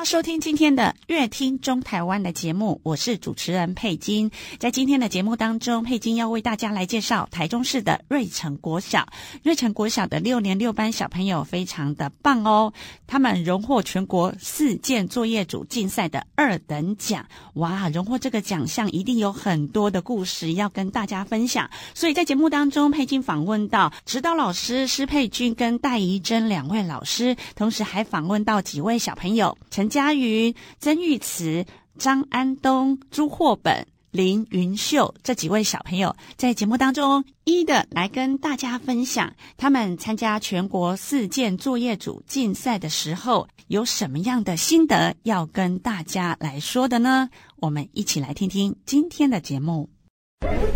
好好收聽今天的《樂聽中台灣》的節目，我是主持人佩金。在今天的節目當中，佩金要為大家來介紹台中市的瑞城國小。瑞城國小的六年六班小朋友非常的棒哦，他們榮獲全國四健作業組競賽的二等獎。哇，榮獲這個獎項一定有很多的故事要跟大家分享。所以在節目當中，佩金訪問到指導老師施佩君跟戴怡珍兩位老師，同時還訪問到幾位小朋友嘉瑜、曾玉慈、張安東、朱霍本、林雲秀這幾位小朋友，在節目當中一一的來跟大家分享，他們參加全國四健作業組競賽的時候，有什麼樣的心得要跟大家來說的呢？我們一起來聽聽今天的節目。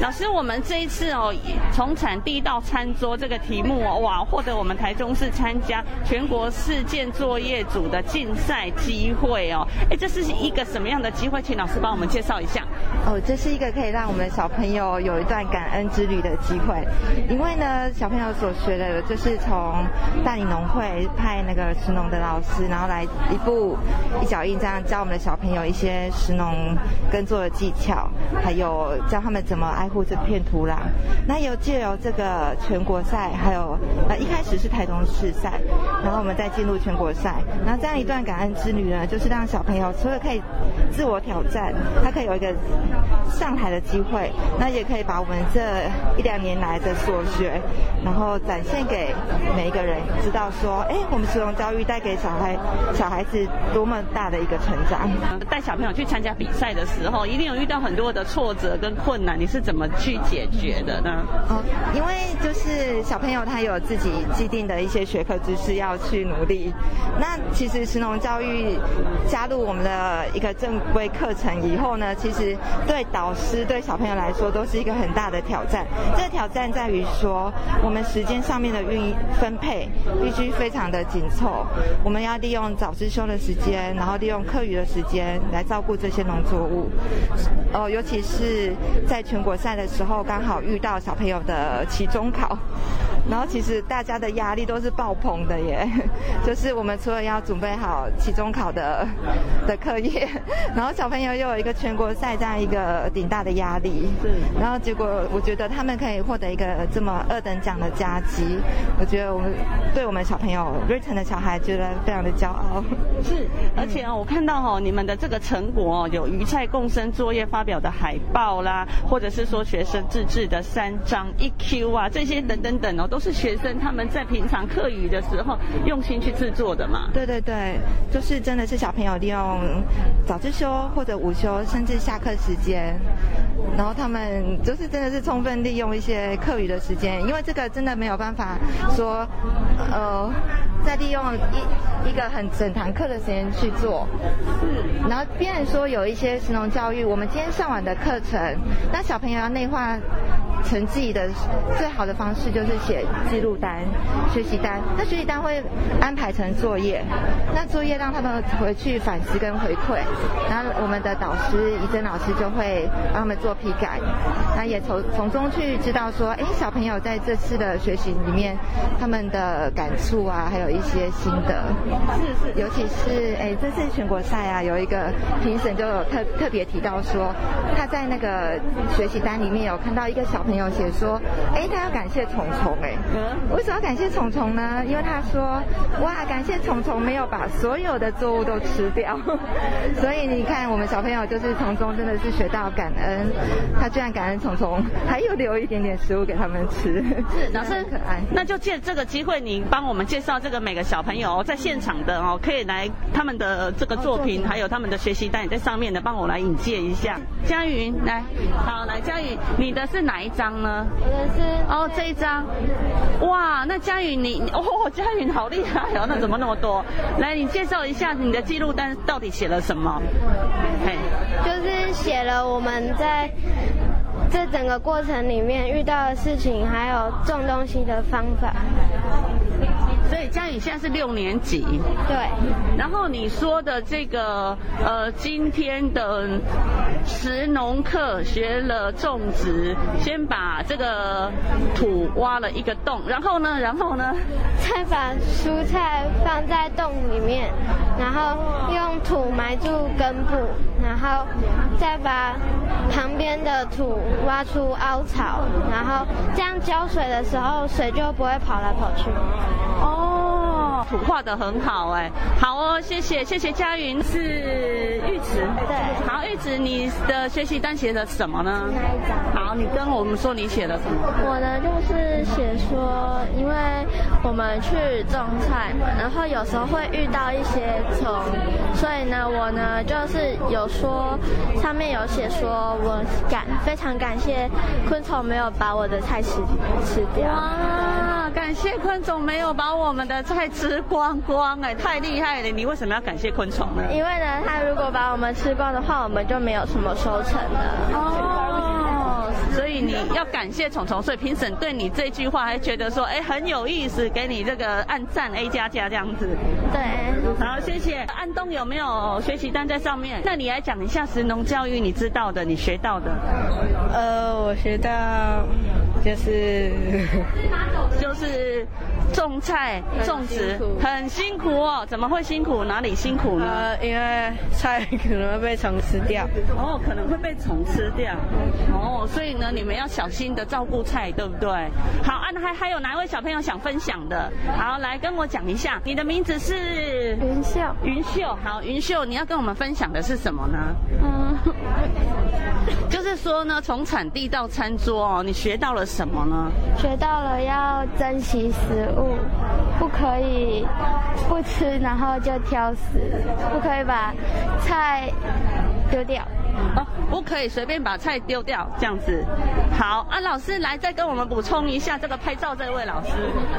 老師，我們這一次哦、喔，從產地到餐桌這個題目哦、喔，哇，獲得我們台中市參加全國四健作業組的競賽機會哦、喔。哎、欸，這是一個什麼樣的機會？請老師幫我們介紹一下。哦，這是一個可以讓我們的小朋友有一段感恩之旅的機會。因為呢，小朋友所學的就是從大里農會派那個食農的老師，然後來一步一腳印這樣教我們的小朋友一些食農耕作的技巧，還有教他們。怎麼愛護這片土壤，那有借由這個全國賽，還有呃一開始是台東市賽，然後我們再進入全國賽。然後這樣一段感恩之旅呢，就是讓小朋友除了可以自我挑戰，他可以有一個。上台的機會，那也可以把我們這一兩年來的所學，然後展現給每一個人知道。說，哎、欸，我們食農教育帶給小孩、小孩子多麼大的一個成長。帶小朋友去參加比賽的時候，一定有遇到很多的挫折跟困難，你是怎麼去解決的呢？哦，因為就是小朋友他有自己既定的一些學科知識要去努力。那其實食農教育加入我們的一個正規課程以後呢，其實對導老師對小朋友來說都是一個很大的挑戰。這個挑戰在於說，我們時間上面的運分配必須非常的緊湊。我們要利用早自修的時間，然後利用課餘的時間來照顧這些農作物。哦、呃，尤其是在全國賽的時候，剛好遇到小朋友的期中考。然後其實大家的壓力都是爆棚的耶，就是我們除了要準備好期中考的的課業，然後小朋友又有一個全國賽這樣一個頂大的壓力。對。然後結果我覺得他們可以獲得一個這麼二等獎的佳績，我覺得我們對我們小朋友瑞城的小孩覺得非常的驕傲。是，而且哦我看到哦，你們的這個成果哦、嗯，有魚菜共生作業發表的海報啦，或者是說學生自制的三張 EQ 啊這些等等等哦。嗯都是學生他們在平常課餘的時候用心去制作的嘛。對對對，就是真的是小朋友利用早自修或者午休，甚至下課時間，然後他們就是真的是充分利用一些課餘的時間，因為這個真的沒有辦法說，呃。在利用一一個很整堂課的時間去做，是。然後，別人說有一些食農教育，我們今天上完的課程，那小朋友要內化成記憶的最好的方式就是寫記錄單、學習單。那學習單會安排成作業，那作業讓他們回去反思跟回饋。那我們的導師怡珍老師就會幫他們做批改，那也從從中去知道說，哎，小朋友在這次的學習裡面他們的感觸啊，還有。一些心得，是是，尤其是哎，這次全國賽啊，有一個評審就有特特別提到說，他在那個學習單裡面有看到一個小朋友寫說，哎，他要感謝蟲蟲哎，嗯，為什麼要感謝蟲蟲呢？因為他說，哇，感謝蟲蟲沒有把所有的作物都吃掉，所以你看，我們小朋友就是從中真的是學到感恩，他居然感恩蟲蟲，還有留一點點食物給他們吃，是老師很可愛，那就借這個機會，您幫我們介紹這個。每個小朋友在現場的哦，可以來他們的這個作品，還有他們的學習單在上面的，幫我來引薦一下。佳雲來，好來，佳雲，你的是哪一張呢？我的是哦這一張。哇，那佳雲你哦，佳雲好厲害哦。那怎麼那麼多？來，你介紹一下你的記錄單到底寫了什麼？哎，就是寫了我們在這整個過程裡面遇到的事情，還有種東西的方法。所以嘉宇現在是六年級。對。然後你說的這個，呃，今天的食農課學了種植，先把這個土挖了一個洞，然後呢，然後呢，再把蔬菜放在洞裡面，然後用土埋住根部，然後再把旁邊的土挖出凹槽，然後這樣澆水的時候水就不會跑來跑去。哦。畫得很好哎、欸，好哦，謝謝謝謝佳雲，是玉子對？好，玉子，你的學習單寫的什麼呢？好，你跟我們說你寫的什麼？我呢就是寫說，因為我們去種菜嘛，然後有時候會遇到一些蟲，所以呢我呢就是有說上面有寫說我感非常感謝昆蟲沒有把我的菜吃吃掉。哇。感謝昆蟲沒有把我們的菜吃光光。欸，哎，太厲害了！你為什麼要感謝昆蟲呢？因為呢，他如果把我們吃光的話，我們就沒有什麼收成了。哦、oh，所以你要感謝蟲蟲，所以評審對你這句話還覺得說，哎、欸，很有意思，給你這個按讚 A 加加這樣子。對，好，謝謝。安東有沒有學習單在上面？那你來講一下食農教育，你知道的，你學到的。呃，我學到就是。 就是種菜種植很辛，很辛苦哦。怎麼會辛苦？哪裡辛苦呢？因為菜可能會被蟲吃掉。哦，可能會被蟲吃掉。哦，所以呢，你們要小心的照顧菜，對不對？好啊，還還有哪位小朋友想分享的？好，來跟我講一下。你的名字是雲秀。雲秀，好，雲秀，你要跟我們分享的是什麼呢？嗯，就是說呢，從產地到餐桌哦，你學到了什麼呢？學到了要。珍惜食物，不可以不吃，然後就挑食，不可以把菜丟掉，哦，不可以隨便把菜丟掉，這樣子。好啊，老師來再跟我們補充一下這個拍照，這位老師，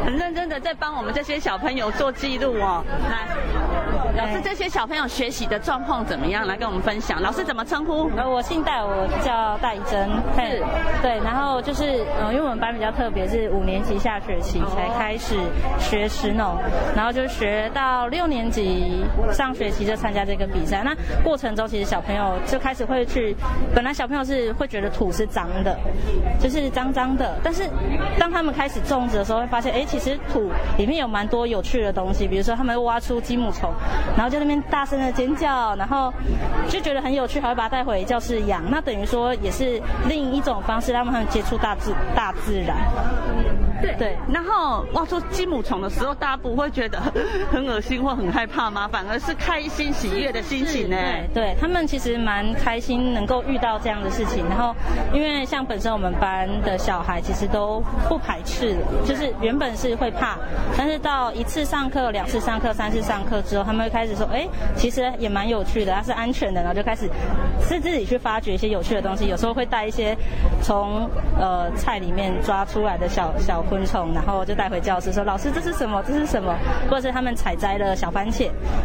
很認真的在幫我們這些小朋友做記錄哦，來。老師，這些小朋友學習的狀況怎麼樣？來跟我們分享。老師怎麼稱呼？呃、嗯，我姓戴，我叫戴真。是，對，然後就是，嗯，因為我們班比較特別，是五年級下學期才開始學食農，哦，然後就學到六年級上學期就參加這個比賽。那過程中，其實小朋友就開始會去，本來小朋友是會覺得土是髒的，就是髒髒的，但是當他們開始種植的時候，會發現，哎、欸，其實土裡面有蠻多有趣的東西，比如說他們挖出雞母蟲，然後就在那邊大聲的尖叫，然後就覺得很有趣，還會把它帶回教室養。那等於說也是另一種方式，讓他們接觸大自大自然。對，對，然後挖出雞母蟲的時候，大家不會覺得很噁心或很害怕嗎？反而是開心喜悅的心情呢？對，對他們其實蠻開心，能夠遇到這樣的事情。然後，因為像本身我們班的小孩其實都不排斥，就是原本是會怕，但是到一次上課、兩次上課、三次上課之後，他們會開始說：“哎，其實也蠻有趣的，它、啊、是安全的。”然後就開始是自己去發掘一些有趣的東西。有時候會帶一些從呃菜裡面抓出來的小小。昆蟲，然後就帶回教室說：“老師，這是什麼？這是什麼？”或者是他們採摘了小番茄，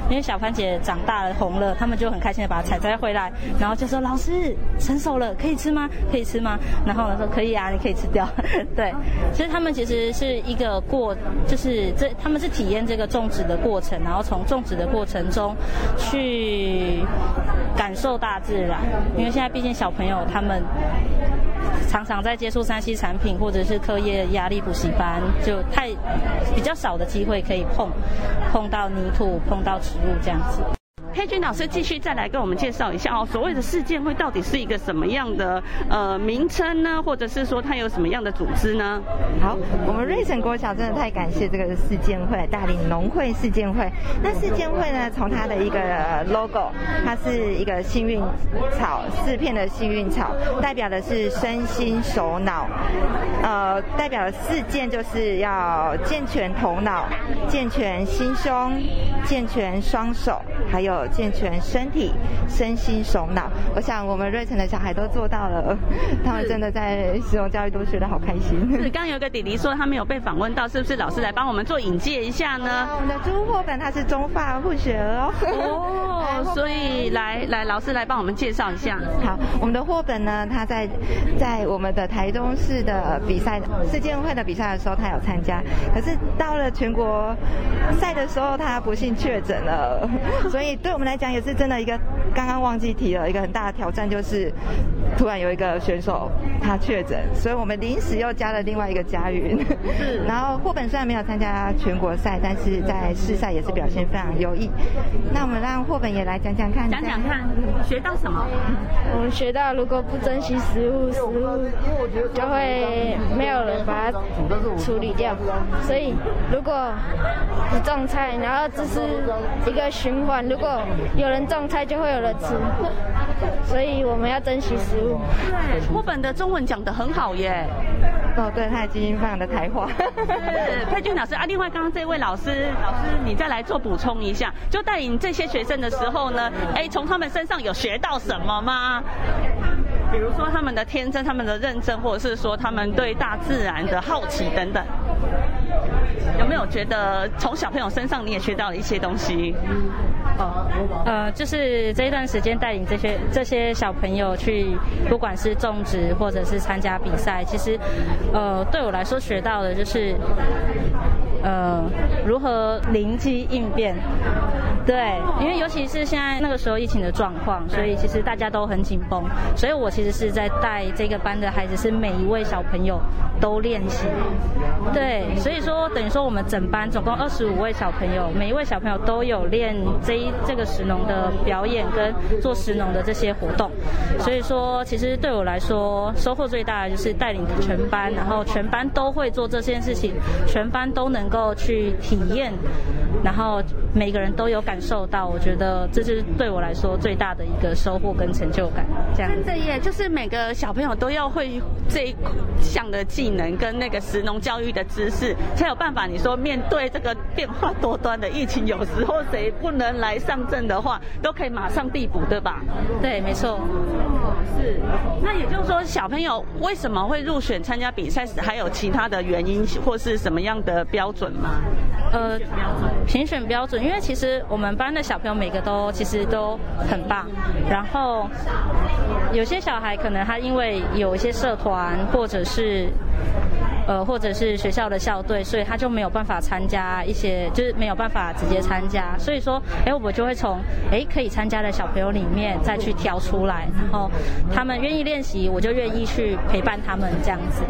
因為小番茄長大了紅了，他們就很開心的把它採摘回來，然後就說：“老師，成熟了，可以吃嗎？可以吃嗎？”然後呢，說：“可以啊，你可以吃掉。 ”對，所以他們其實是一個過，就是這他們是體驗這個種植的過程，然後從種植的過程中去感受大自然。因為現在畢竟小朋友他們。常常在接觸三 C 產品，或者是課業壓力補習班，就太比較少的機會可以碰碰到泥土，碰到植物這樣子。佩君老師繼續再來跟我們介紹一下哦，所謂的四健會到底是一個什麼樣的呃名稱呢？或者是說它有什麼樣的組織呢？好，我們瑞城國小真的太感謝這個四健會，大林農會四健會。那四健會呢，從它的一個 logo，它是一個幸運草，四片的幸運草，代表的是身心手腦。呃，代表四健就是要健全頭腦、健全心胸、健全雙手，還有。健全身體、身心、手腦，我想我們瑞城的小孩都做到了。他們真的在食農教育都學得好開心。剛有個弟弟說他沒有被訪問到，是不是老師來幫我們做引薦一下呢？Oh, yeah, 我們的朱霍本他是中法護學哦。哦 oh,，所以來來，老師來幫我們介紹一下。好，我們的霍本呢，他在在我們的台中市的比賽世界運會的比賽的時候，他有參加。可是到了全國賽的時候，他不幸確診了，所以對。我們來講也是真的一個，剛剛忘記提了一個很大的挑戰，就是。突然有一個選手他確診，所以我們臨時又加了另外一個家園。然後霍本雖然沒有參加全國賽，但是在市賽也是表現非常優異。那我們讓霍本也來講講看。講講看，學到什麼、啊嗯？我們學到如果不珍惜食物，食物就會沒有人把它處理掉。所以如果種菜，然後這是一個循環。如果有人種菜，就會有人吃。所以我們要珍惜食物。對，我本的中文講得很好耶。哦，對，他的基因非常的台化 佩君老師啊，另外剛剛這位老師，老師你再來做補充一下，就帶領這些學生的時候呢，哎，從他們身上有學到什麼嗎？比如說他們的天真、他們的認真，或者是說他們對大自然的好奇等等，有沒有覺得從小朋友身上你也學到了一些東西？嗯哦，呃，就是這一段時間帶領這些這些小朋友去，不管是種植或者是參加比賽，其實，呃，對我來說學到的就是。呃，如何臨機應變？對，因為尤其是現在那個時候疫情的狀況，所以其實大家都很緊繃。所以我其實是在帶這個班的孩子，是每一位小朋友都練習。對，所以說等於說我們整班總共二十五位小朋友，每一位小朋友都有練這一這個食農的表演跟做食農的這些活動。所以說，其實對我來說收穫最大的就是帶領著全班，然後全班都會做這件事情，全班都能。能夠去體驗。然後每個人都有感受到，我覺得這就是對我來說最大的一個收穫跟成就感。這樣子，耶，就是每個小朋友都要會這一項的技能跟那個食農教育的知識，才有辦法。你說面對這個變化多端的疫情，有時候誰不能來上陣的話，都可以馬上遞補，對吧？對，沒錯。是。那也就是說，小朋友為什麼會入選參加比賽，還有其他的原因或是什麼樣的標準嗎？呃，標準。評選標準，因為其實我們班的小朋友每個都其實都很棒，然後有些小孩可能他因為有一些社團或者是。呃，或者是學校的校隊，所以他就沒有辦法參加一些，就是沒有辦法直接參加。所以說，哎、欸，我就會從哎、欸、可以參加的小朋友裡面再去挑出來，然後他們願意練習，我就願意去陪伴他們這樣子。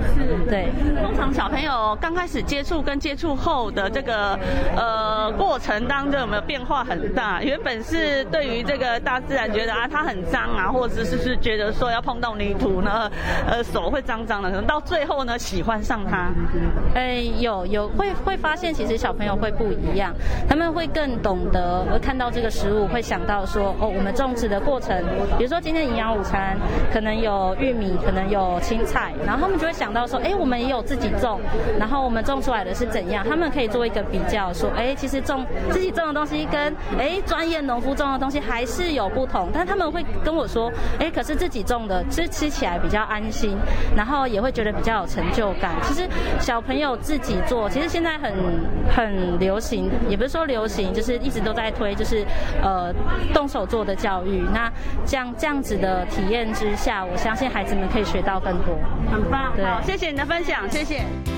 對。通常小朋友剛開始接觸跟接觸後的這個呃過程當中，有沒有變化很大？原本是對於這個大自然覺得啊，它很髒啊，或者是是覺得說要碰到泥土呢，呃，手會髒髒的，可能到最後呢，喜歡上。他、嗯，哎、嗯欸，有有會會發現，其實小朋友會不一樣，他們會更懂得，會看到這個食物，會想到說，哦，我們種植的過程，比如說今天營養午餐，可能有玉米，可能有青菜，然後他們就會想到說，哎、欸，我們也有自己種，然後我們種出來的是怎樣，他們可以做一個比較，說，哎、欸，其實種自己種的東西跟哎、欸、專業農夫種的東西還是有不同，但他們會跟我說，哎、欸，可是自己種的，吃吃起來比較安心，然後也會覺得比較有成就感。其實是小朋友自己做，其實現在很很流行，也不是說流行，就是一直都在推，就是呃動手做的教育。那這樣這樣子的體驗之下，我相信孩子們可以學到更多，很棒。對，好，謝謝你的分享，謝謝。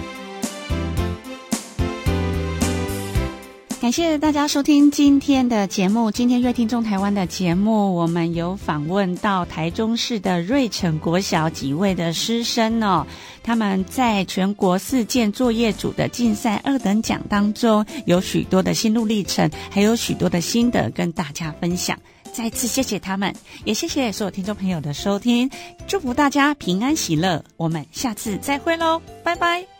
感謝大家收聽今天的節目。今天約聽中臺灣的節目，我們有訪問到台中市的瑞城國小幾位的師生哦，他們在全國四健作業組的競賽二等獎當中，有許多的心路歷程，還有許多的心得跟大家分享。再次謝謝他們，也謝謝所有聽眾朋友的收聽，祝福大家平安喜樂。我們下次再會嘍，拜拜。